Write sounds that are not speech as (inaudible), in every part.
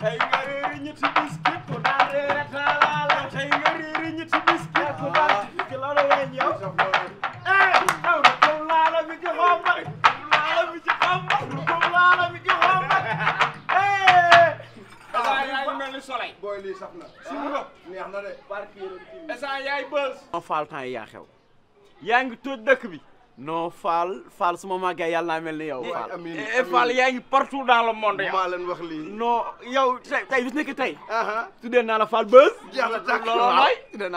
tey nga réeri ñetti biskit ku daan réere taalaala tey nga réeri ñetti biskit ku ah. daan ki loolu weñ yow eh aw na kum laala mi ci xomba kum laala mi ci xomba kum laala mi ci xomba eh esa yaay mel ni soleil booy lii saf na si mu rëb neex na de parki esa yaay bës ma faal temps yi yaa xew yaa ngi toj dëkk bi non Fall Fall su ma màggee yàlla naa mel ni yow. Eh, Fall amiin eh, Fall yaa ngi partout dans le monde. yaa maa leen wax lii. non yow tey tey bis nekk tey. tuddee naa la Fall Buzz. jeex na tàkk naa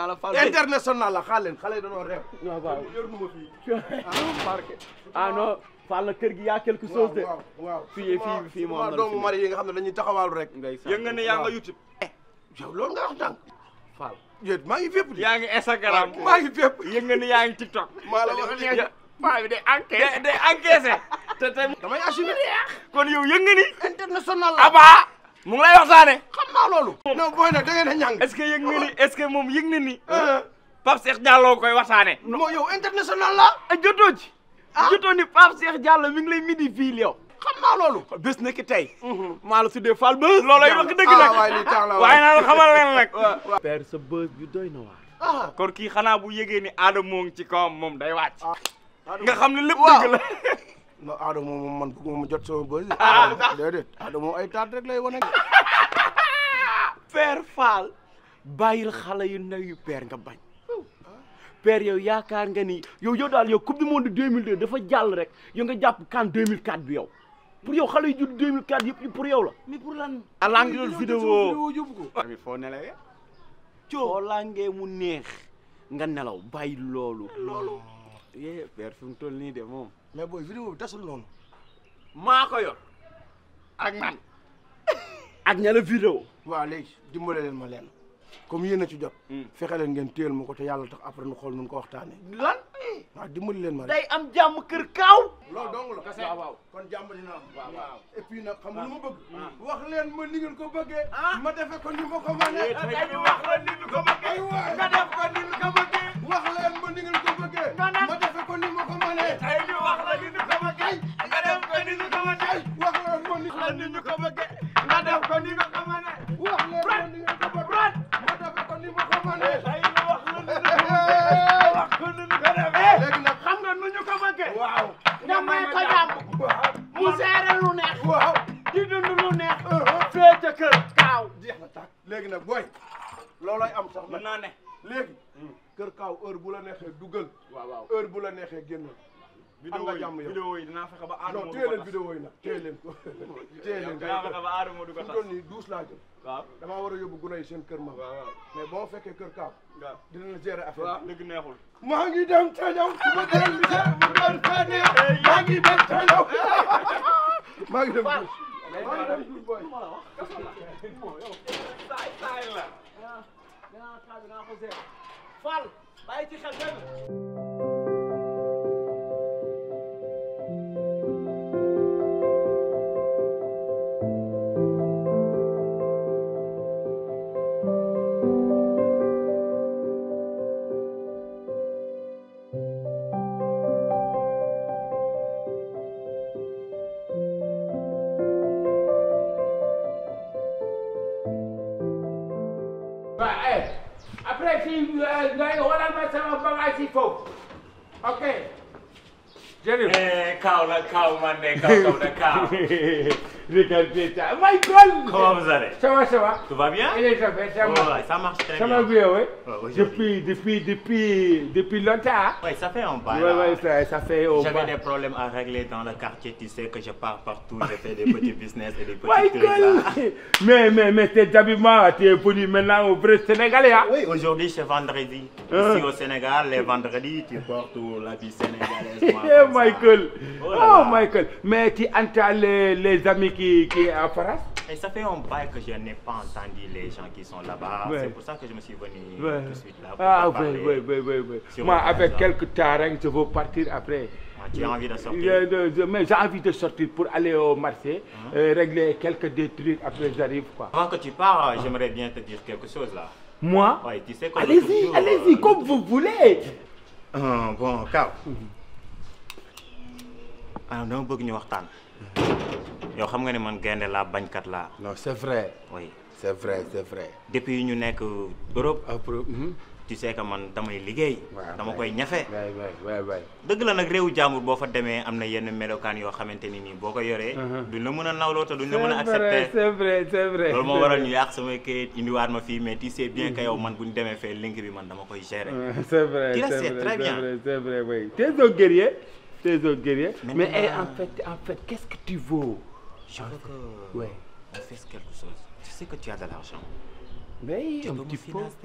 la Fall Buzz. international la xaar leen xale yi dañoo réew. waaw waaw yor na ma fii. Ah, ah, ah. kër gi yaa quelque chose de. waaw fii fii fii moom la mari yi nga xam ne dañuy taxawaalu rek. ndeysaan yëngu ne yaa nga YouTube. Eh, yow loolu nga wax dang Fall. yéen ngi yaa ngi Instagram maa ngi fépp. ne yaa ngi TikTok. maa paa bi day encaissé day encaissé te tamit. damay assuré kon yow yëg nga ni. international la abaa mu ngi lay waxtaane. xam naa loolu. non booy que yëg nga ni est ce que moom yëg na ni. Euh. Pape Cheikh Diallo koy waxtaane. moo yow international la. a eh, jotoo ci. ah jotoo ni Pape Cheikh Diallo mi ngi lay midi fii yow. xam naa loolu. bés na ki tey. Mhm. maa la tuddee Fall Buzz. loolay wax dëgg nag ah waay na waaye naa la xamal leen (laughs) sa buzz bi doy na waar. Ah. kon kii xanaa bu yëgee ni aada moo ngi ci kawam moom day wàcc. Ah. nga xam ne lépp dëgg la. non Adama moom man ma jot sama bës. (laughs) ah ay taat rek lay wane. (laughs) père Fall bàyyil xale yu ndaw yu père nga bañ. père yow yaakaar nga ni yow yow daal yow coupe du monde 2002 dafa jàll rek yow nga jàpp kan 2004 bi yow pour yow xale yu judd 2004 yëpp pour yow la. mais pour lan. à l' angle vidéo yóbbu ko. tamit ah, mu neex nga nelaw bàyyi loolu. loolu. yee père fi mu toll nii de moom. mais booy vidéo bi tasul noonu. maa ko yor. ak man. ak ña la waa waaw léegi dimbale leen ma leen comme yéen a ci jot. Hmm. fexe leen ngeen téyel ma ko te yàlla tax après nu xool nu ko waxtaanee. lan. waaw dimbali leen ma day am jàmm kër kaaw. loolu dong la kese waaw kon jàmm dina am. waaw waaw et puis nag xam lu ma bëgg. Ah. Ah. wax leen ma ni ngeen ko bëggee. Ah. ma defe ko ni ma ko mënee. Eh, dañu wax la ni ñu ko bëggee. nga def ni ñu wax leen ko ñu ko bëggee nga def ko ni nga ko mënee wax leen ko ni nga ko bëggee nga def ko ni ma wax lu ñu ñu ko defee léegi nag xam nga nu ñu ko bëggee waaw nga may ko jàmm mu seere lu neex waaw di dund lu neex uh-huh. fee ca kër kaaw jeex na tàkk léegi nag booy loolay am sax mën naa ne léegi hmm. kër kaaw heure bu la neexee dugal waaw waaw heure bu la neexee génnal am nga jàmm yow vidéo yi dinaa fexe ba aadama. non téye leen vidéo yi nag téye leen ko. téye leen ko dinaa fexe ba aadama du ko tas nii douze laa jëm. waaw damaa war a yóbbu gune yi seen kër ma. waaw mais boo fekkee kër kaam. waaw dina la gérer affaire bi. dëgg neexul. maa ngi dem Tandiaw. ma dem bi dem ma dem Tandiaw. maa ngi dem Tandiaw. maa ngi dem Tandiaw. maa ngi dem Touba yi. saay saay la. Fall bàyyi ci xel benn. cow they cow, to the (laughs) car. Oh Michael Comment vous allez Ça va, ça va. Tout va bien ça, ça marche très bien. Ça marche bien, oui. Ouais, depuis, depuis, depuis, depuis longtemps. Hein. Oui, ça fait un bail. Oui, oui, hein. ça, fait un J'avais des problèmes à régler dans le quartier, tu sais, que je pars partout, je fais des (laughs) petits business et des petits Michael! (laughs) mais, mais, mais tes tu es venu maintenant au vrai Sénégalais. Hein. Oui, aujourd'hui, c'est vendredi. Ici au Sénégal, les vendredis, tu portes la vie vie sénégalaise. Michael. (laughs) Oh, Michael. Oh oh mais tu entends les, les amis qui, qui est à Faras Et ça fait un bail que je n'ai pas entendu les gens qui sont là-bas. C'est pour ça que je me suis venu tout de suite là. ah oui, oui, oui, oui. Moi, avec quelques tarènes, je veux partir après. Ah, tu as envie de sortir euh, Mais j'ai envie de sortir pour aller au marché, hein? euh, régler quelques détruits, après j'arrive quoi. Avant que tu parles j'aimerais bien te dire quelque chose là. Moi Oui tu sais Allez-y, allez-y, euh, comme vous voulez. bon, Kao. Mhm. alors ah, nous yow xam nga ni man la bagn kat la. non c'est vrai. oui c'est vrai c'est vrai. depuis ñu nek Europe. Ah, hmm? tu sais que man damay liggéey. dama koy ñafe. Deug la nak réewu jaamur bo fa démé amna yenn melokaan yo xamante ni boko yoré, ko yoree. Uh-huh. duñ la mëna nawlo nawloo te duñ la mëna accepter. c'est vrai c'est vrai loolu moo waral ñu yaax sama samay indi waat ma fi mais tu sais bien que mm-hmm. yow man buñ démé fé link bi man dama koy gérer. c'est vrai c'est vrai très bien. c'est vrai oui t'es un guerrier, t'es un guerrier. mais eh, en fait en fait qu'est-ce que tu veux. Je veux que ouais. on fasse quelque chose. Tu sais que tu as de l'argent. Mais tu un me financer.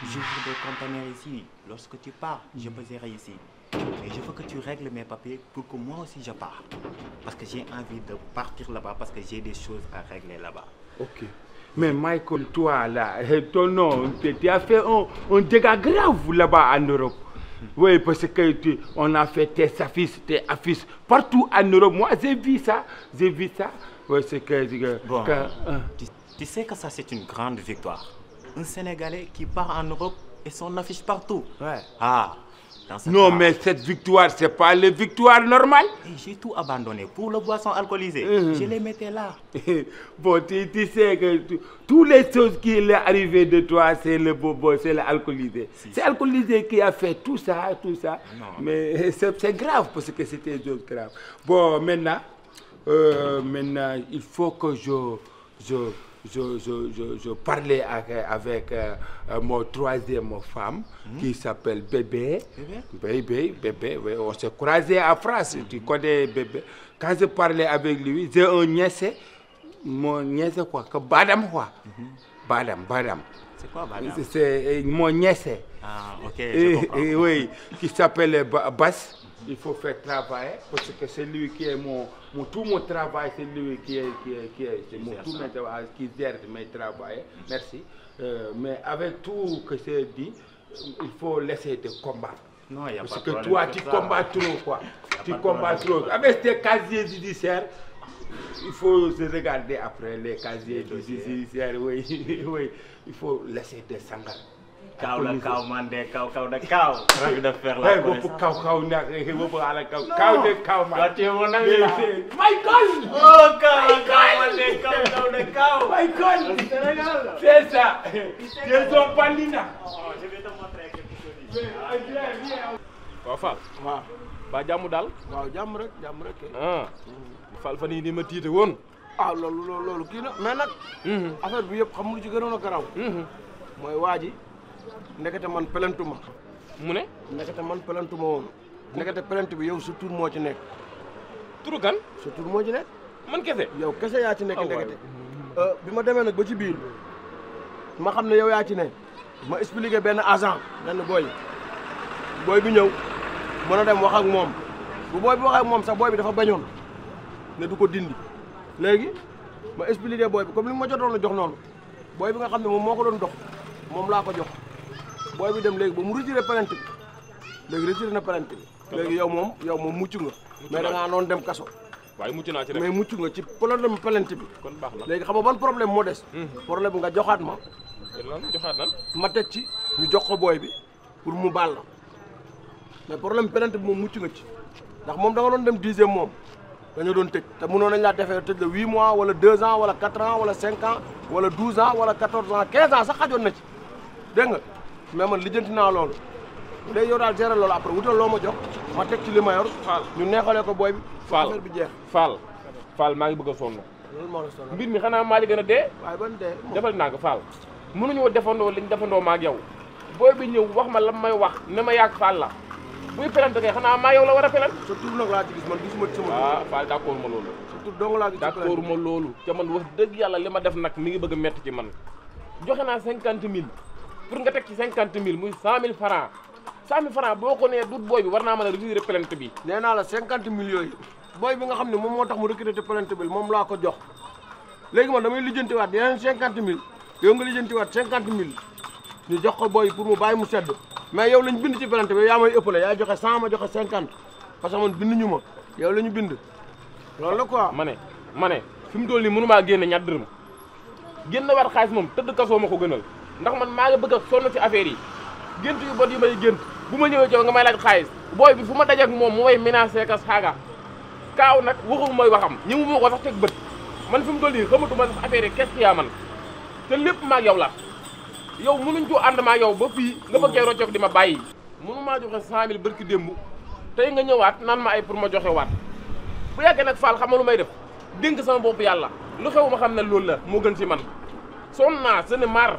Je veux des compagnons ici. Lorsque tu pars, je mm. peux gérer ici. Et je veux que tu règles mes papiers pour que moi aussi je parte. Parce que j'ai envie de partir là-bas parce que j'ai des choses à régler là-bas. Ok. Mais Michael, toi là, (laughs) ton nom, tu as fait un dégât grave là-bas en Europe. Oui, parce on a fait tes affiches, tes affiches partout en Europe. Moi, j'ai vu ça, j'ai vu ça. c'est que... Hein. tu, sais que ça, c'est une grande victoire. Un Sénégalais qui part en Europe et son affiche partout. Ouais. Ah, non, mais cette victoire, c'est pas la victoire normale. J'ai tout abandonné pour le boisson alcoolisée. Euh. Je les mettais là. (laughs) bon, tu, sais que toutes les choses qui sont arrivées de toi, c'est le bobo, c'est l'alcoolisé. C'est l'alcoolisé qui a fait tout ça, tout ça. Ah mais (laughs) c'est grave parce que c'était grave. Bon, maintenant, euh, maintenant, il faut que je je, je, je, parlais avec, avec euh, mon troisième femme hmm. qui s'appelle Bébé. Bébé Bébé, on s'est croisé à France, tu hmm. connais Bébé. Quand je parlais avec lui, j'ai un nièce, mon nièce quoi, que Badam quoi. Hmm. Badam, Badam. C'est quoi Badam C'est euh, mon nièce. Ah, ok. Je comprends. oui, qui s'appelle Bass il faut faire travailler parce que c'est lui qui est mon, mon, tout mon travail, c'est lui qui est, qui est, qui est, mon, tout mon travail, qui gère mes travail. Merci. Euh, mais avec tout que c'est dit, il faut laisser de combattre. Non, y a parce que toi, tu combats trop, quoi. Tu combats trop. Avec ah, tes casiers judiciaires, il faut se regarder après les casiers judiciaires. Oui, (laughs) oui. Il faut laisser des sangs. kaw la kaw man de kaw kaw de kaw. ravi de faire la connaissance bopp kaw kaw na bopp ala kaw. kaw de kaw man. waaw téeméer na nga may koñ. oh kaw kaw man de kaw kaw de kaw. may koñ. c'est ça. ils sont pandina. waaw Fall. waaw. ba jàmm daal. waaw jàmm rek jàmm rek. Eh. Fall fan yii nii ma tiite woon. ah loolu loolu loolu kii na mais nag. affaire bi yëpp xam lu ci gënoon a garaaw. mooy waa ji. ndekete man pelantu ma. mu ne. ndekete man pelantu ma woon. ndekete pelantu bi yow sa moo ci nekk. turu kan. sa moo ci nekk. man kese. yow kese yaa ci nekk oh, ndekete. Euh, bi ma demee nag ba ci biir ma xam ne yow yaa ci ne ma expliqué benn agent benn booy booy bi ñëw mën a dem wax ak moom bu booy bi wax moom sax booy bi dafa bañoon ne du ko dindi léegi ma expliqué booy bi comme li ma jotoon a jox noonu booy bi nga xam ne moom moo ko doon dox moom laa ko jox. booy bi dem léegi ba mu retiré plainte bi léegi retiré na plainte bi léegi moom yow moom mucc nga mais da ngaa noonu dem kaso waaye mucc naa ci rek mais nga ci problème plainte bi kon baax na léegi xam nga ban problème moo des hmm. problème nga joxaat ma joxaat lan ma teg ci ñu jox ko booy bi pour mu baal la mais problème plainte bi moom mucc nga ci ndax moom da nga dem dixième moom dañu doon tëj te mënoon nañ laa defee tëj la huit mois wala deux ans wala quatre ans wala cinq ans wala douze ans wala quatorze ans quinze sax xajoon na ci dégg mais man lijjanti naa loolu bu dee yow daal gérer loolu après loo ma jox ma teg ci li ma yor. faal ñu neexalee ko booy bi. faal bi jeex. faal faal maa ngi bëgg a loolu moo la mbir mi xanaa maa li gën a dee. waaye ban dee defal naa ko faal. mënuñoo defandoo liñ defandoo maa ak yow booy bi ñëw wax ma lan may wax ne ma yàgg faal la buy pelante kay xanaa maa yow la war a pelan. sa tur nag laa ci gis man gisuma ci sama. waaw ah, faal d' accord loolu. sa tur d' accord ma loolu. te wax dëgg yàlla li ma def nag mi ngi bëgg a métti man joxe naa cinquante mille pour nga teg ci cinquante mille muy cent mille franc cent mille franc boo ko nee dut booy bi war naa mën a retirer plainte bi. nee naa la cinquante mille yooyu booy bi nga xam ne moom moo tax mu recruter plainte bi moom laa ko jox léegi man damay lijjantiwaat yeneen cinquante mille yow nga lijjantiwaat cinquante mille ñu jox ko booy pour mu bàyyi mu sedd mais yow lañ bind ci plainte bi yaa may ëppale yaa joxe cent ma joxe cinquante parce que man binduñu ma yow la ñu bind loolu la quoi. ma ne ma ne fi mu toll nii mënumaa génne ñaar dërëm génn war xaalis moom tëdd kasoo ma ko gënal. ndax man maa ngi bëgg a sonn ci affaire yi gént yu bon yu may gént bu ma ñëwee jow nga may laaj xaalis booy bi fu ma dajeek moom mu may menacé ka saaga kaaw nag waxul mooy waxam ñi mu ma ko sax teg bët man fi mu toll nii xamatuma sax affaire yi qu'est-ce man te lépp maa yow la yow mënuñ ko ànd maa yow ba fii nga bëggee roccoog di ma bàyyi mënu maa joxe cent mille bërki démb tey nga ñëwaat naan ma ay pour ma joxe waat bu yàggee nag Fall xam nga may def dénk sama bopp yàlla lu xew ma xam ne loolu la moo gën ci man sonn naa sene mar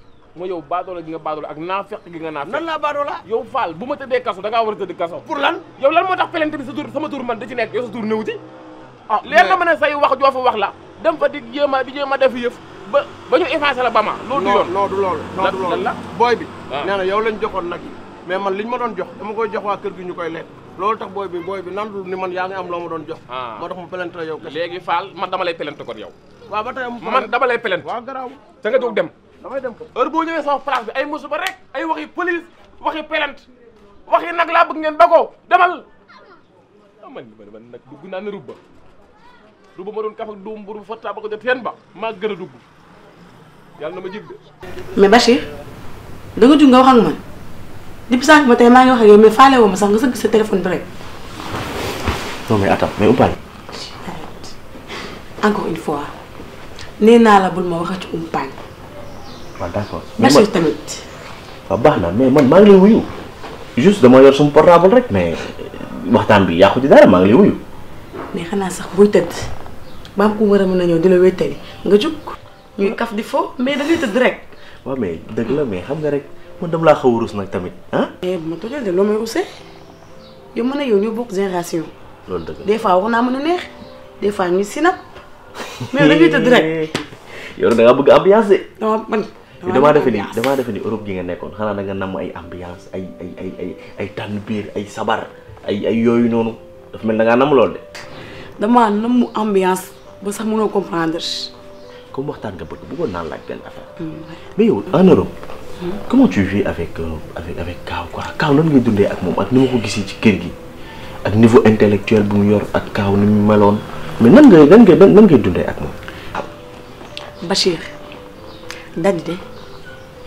ma yow baadoola gi nga baadoola ak naafeq gi nga naafeq. nan laa baadoola. yow Fall bu ma tëddee kaso da war a tëdd kaso. pour lan yow lan moo tax pelente bi sa tur sama tur man da ci nekk sa tur ah, na ma ne say wax joo la dem fa a di a def ba ba ñu effacé la ba ma. loolu du yoon non du loolu. non du loolu booy bi. Ah. nee na yow lañ joxoon nag yi mais man liñ ma doon jox dama koy jox waa kër gi ñu koy lekk booy bi booy yaa ngi ma doon jox. Ah. moo tax mu pelente yow. léegi Fall man dama lay pelente kon yow. waaw ba tey man dama lay pelente. waaw nga jóg dem damay dem kër heure boo ñëwee sama place bi ay musiba rek ay waxi police waxi plainte waxi nag laa bëgg ngeen bagoo demal ah man man man nag dugg naa ne rubba rubba ma doon kaf ak doom bu fa taa ba jot ba maa gën a dugg na ma jig mais da nga nga wax ak man depuis ma wax ak yow mais sax nga sëgg sa téléphone bi rek. non mais attends mais encore une fois la bul ma ci ma d' accord. Bachir tamit. waaw ah, baax na mais man maa ngi lay wuyu juste dama yor suma portable rek mais waxtaan bi yàqu ci dara maa ngi lay wuyu. mais xanaa sax buy tëdd baam ku war na mën ñëw di la wéttali nga jug ñuy kaf di fo mais dafay tëdd rek. waaw mais la mais xam nga rek man dama laa xaw a rus nag tamit ah. mais eh, bu ma tojal de loo may use yow mën a yow ñoo bokk génération. loolu dëgg la des naa mën a neex des fois sinap (laughs) mais dafay tëdd rek. (laughs) yow da ngaa bëgg ambiance de. non man. dama defe ni dama defe ni Europe gi nga nekkoon xanaa da nga namm ay ambiance ay ay ay ay ay tanbiir ay sabar ay ay yooyu noonu dafa mel da ngaa namm lool de dama namm ambiance ba sax mënoo comprendre comme waxtaan nga bëgg bëggoon naa laaj benn affaire mais hmm. yow en Europe comment tu vis avec euh, avec avec Kaaw quoi Kaaw lan ngay dundee ak moom ak ni ma ko gisee ci kër gi ak niveau intellectuel bu mu yor ak Kaaw ni mu meloon mais nan ngay nan ngay nan ngay dundee ak dadi de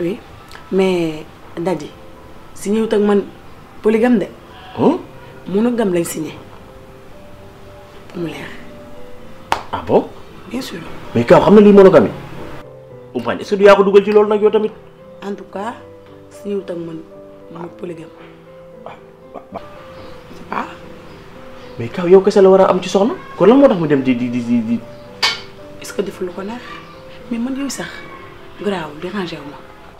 oui mais Daddy, signé wut ak man polygame de. Oh? monogame lañ signé pour mu leer. ah bon. bien sûr. mais quand xam na lii monogame yi. Oumphane est-ce que du yaa ko dugal ci loolu nag en tout cas signé wut ak man mooy polygame. waaw ah, waaw. mais kaw yow kese la di di di di. est-ce que memang lu ko neex mais man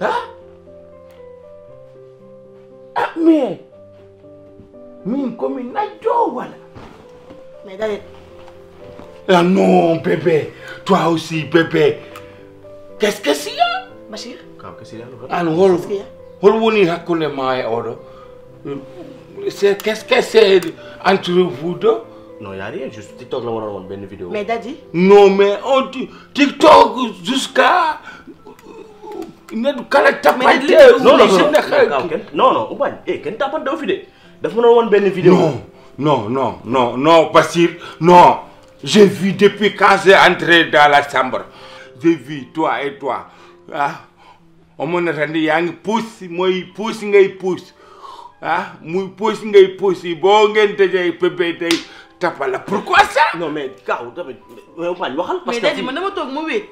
Hein? ah mais comme une najjo voilà. mais d'aller. ah non bébé toi aussi bébé hein? qu'est-ce que c'est là ah, Qu'est-ce que c'est là hol e c'est qu'est-ce que c'est entre vous deux non il n'y a rien juste TikTok on waroon woon une vidéo mais Daddy non mais on TikTok jusqu'à non non non non non non non non j'ai vu depuis quand j'ai entré dans la chambre j'ai vu toi et toi ah amoon na tamit yaa pouce, moi il pousse ngay pousse ah il pousse ngay pousse pourquoi ça. non mais parce que mais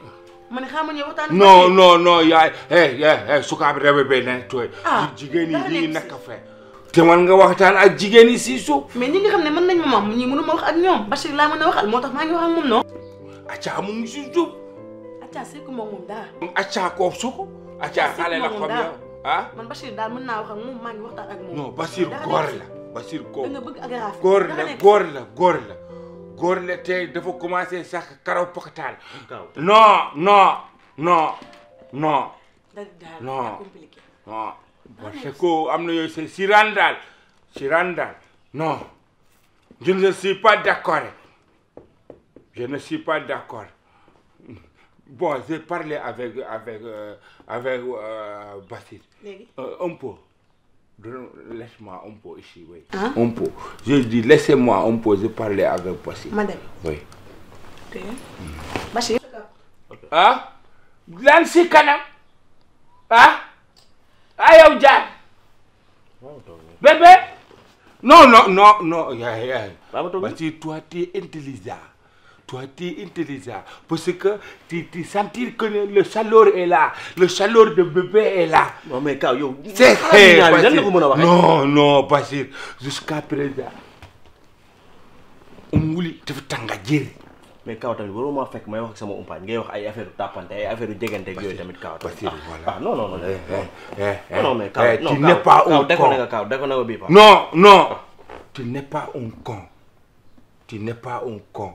ma ne xam nga ñëw waxtaan. non non non yaay eh eh sukaabi be ne tooy. ah jigéen yi ñuy nekk fe te man nga waxtaan ak jigéen yi si suuf. mais ñi nga xam ne mën nañ ma maam ñii wax ak ñoom Bachir laa mën a waxal mu ngi si suuf. acca seku ma moom daal. acca koof la xam yow ah. man Bachir daal mën naa wax ak moom góor de commencer commencer commencé sax karaw non, non non non non. non non. Ah, parce que c'est sirandal sirandal non je ne suis pas d'accord je ne suis pas d'accord bon j'ai parlé avec avec euh, avec euh, Basile. Euh, un peu. Laisse-moi un peu ici, hein? Un peu. Je dis, laissez-moi un peu, je parler avec Passy. Madame. Oui. Ok. Bachir. Hein? Lan si kanam? Hein? Ayaw ah, Diane. Bébé? Non, non, non, non. Yeah, yeah. Bachir, toi, tu es intelligent toi tu es intelligent parce que tu tu sentir que le chaleur est là le chaleur de bébé est là. non mais kaw yo c'est non non Bachir jusqu'à présent. Oumouli te tànga jër. mais kaw tu waroo maa fekk may wax ak sama umpaañ ngay wax ay affaire tapante ay affaire yu jegante ak tamit kaw. Bachir ah, voilà ah non non non. non eh, eh, eh, non mais kaw tu n'es pas un con kaw nga na nga bii non non. tu n'es pas un con. tu n'es pas un con.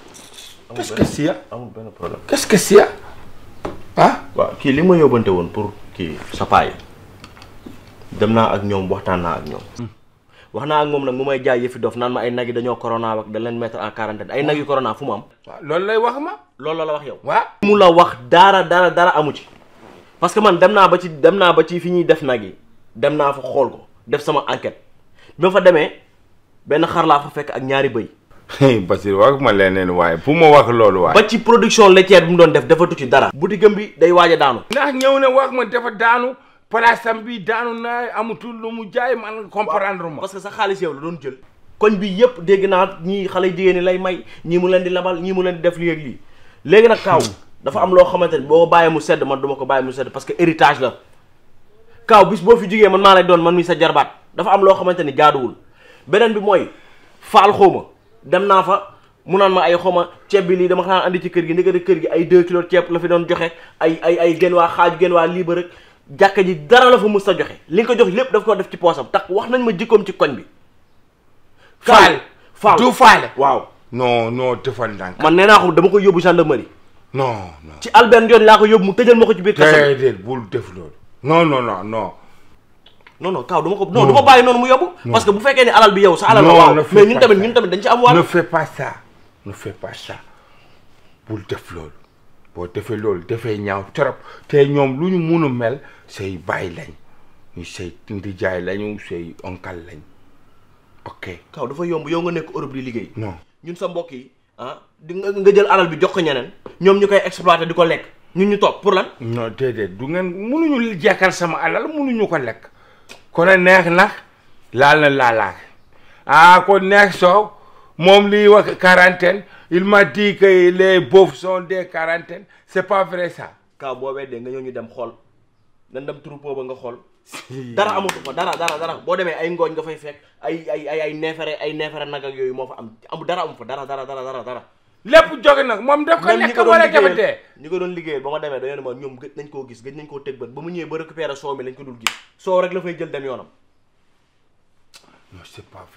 qu'est-ce que c'est amul benn problème qu'est-ce que c'est ah. waaw kii li ma won woon pour kii sa paay dem naa ak ñoom waxtaan naa ak ñoom. Hmm. wax ak moom nag mu may jaay yëfi dof naan ma ay nag dañoo corona wax da leen mettre en quarantaine ay nag corona fu mu am. waaw loolu lay wax ma. loolu la wax yow. waaw mu la wax dara dara dara amu ci. parce que man dem ba ci dem ba ci fi def nag yi dem naa fa xool ko def sama enquête bi ma fa demee benn xar laa fa fekk ak ñaari bëy. Basir wax ma leneen waaye bu ma wax loolu waaye. ba ci production laitière bi mu doon def defatu ci dara. butigam bi day waaj a daanu. ndax ñëw ne wax ma dafa daanu palaasam bi daanu naa amatul lu mu jaay man comprendre ma. parce que sa xaalis yow la doon jël. koñ bi yëpp dégg naa ñii xale jigéen ñi lay may ñii mu leen di labal ñii mu leen di def lii ak lii léegi nag kaaw dafa am loo xamante ni boo bàyyee mu sedd man duma ko bàyyi mu sedd parce que héritage la kaaw bis boo fi jugee man maa lay doon man mi sa jarbaat dafa am loo xamante ni jaaduwul beneen bi mooy faal xawma dem naa fa mu naan ma ay xoma ceeb bi lii dama xanaa indi ci kër gi ndekete kër gi ay 2 kilos ceeb la fi doon joxe ay ay ay genn waa xaaj gen waa lii ba rek jàkka ji dara la fa mus sa joxe li nga ko jox lépp daf ko def ci poosam tax wax nañ ma jikkoom ci koñ bi. faal faal du faale waaw. non no defal ndànk. man nee naa ko dama koy yóbbu gendarmerie. non non ci Albert Ndiol laa ko yóbbu mu tëjal ma ko ci biir. kasam déedéet bul def loolu. non non non non non kaw duma ko non duma baye non mu yobbu parce que bu fekke ni alal bi yow sa alal la waaw mais ñun tamit ñun tamit dañ ci am wàll ne fais pas ça ne fais pas ça bu def lool bo defé lool defé ñaaw torop té ñom luñu mënu mel sey bay lañ ñu sey tindi jaay lañu sey onkal lañ ok kaw dafa yomb yow nga nek Europe di liggéey non ñun sa mbokk yi ah nga jël alal bi jox ko ñeneen ñom ñukay exploiter diko lek ñun ñu top pour lan non dédé du ngeen munuñu jàkkal sama alal munuñu ko lek ku ne neex nax laal na laalaak ah kon neex soow moom lii wax quarantaine il m'a dit que les beaufs sont des quarantaines c'est pas vrai ça. kaw boo weddee nga ñëw ñu dem xool dañ dem troupeau ba nga xool. dara amatu fa dara dara dara boo demee ay ngooñ nga fay fekk ay ay ay ay neefere ay neefere nag ak yooyu moo fa am am dara amu fa dara dara dara dara. lépp jóge nag moom def ko lekk wala jabate ñi ko doon liggéeyal ba demee dañoo ne ma ñoom gëj nañ koo gis gëj nañ ba mu ñëwee ba récupérer soow mi lañ jël dem yoonam non c'est pas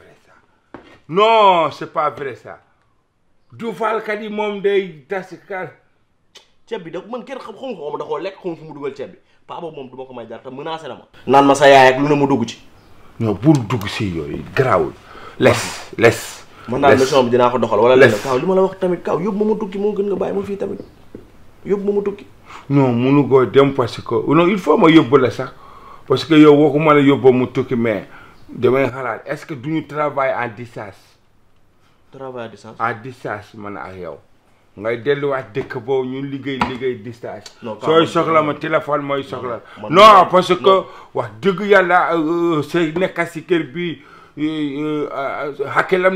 vrai ça non yi moom day tasi ka ceeb bi da man kenn xam xamu ko lekk xamu fu mu dugal ceeb bi paa boobu moom du ma ko may jar te menacé na ma naan ma sa yaay ak lu ne mu dugg ci non bul dugg si yooyu garaawul les les man daal mission bi dinaa ko doxal wala leneen kaw li ma la wax tamit kaw yóbbu ma mu tukki moo gën nga bàyyi ma fii tamit yóbbu ma mu tukki non munu koo dem parce que non il faut ma yóbbu la sax parce que yow woo ko man a yóbbu mu tukki mais damay xalaat est-ce que duñu travail à distance travail à distance à distance man ak yow ngay delluwaat dëkk boobu ñu liggéey liggéey distance sooy soxla ma téléphone mooy soxla non parce que wax dëgg yàlla euh, euh, say nekka si kër bi hakkelam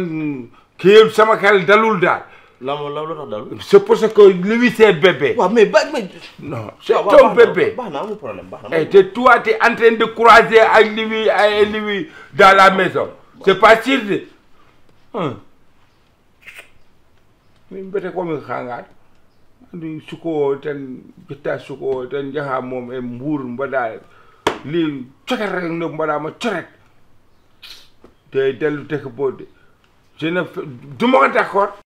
kii sama xel dalul daal. lan lan la tax dalul. c'est parce que le huitième bébé. waaw mais ba mais. non c'est ton bébé. baax na amul problème baax na. te toi tu es en train de croiser ak li muy ak dans la maison. c'est pas sûr de. Hein? min mbiyete komin hangaɗo andi sukowo tan jetta sukowo tan jaha mom e mbuur mbaɗa li coket rek nde mbaɗama coret te dellu tekk boo de je ne du ma ko d'accord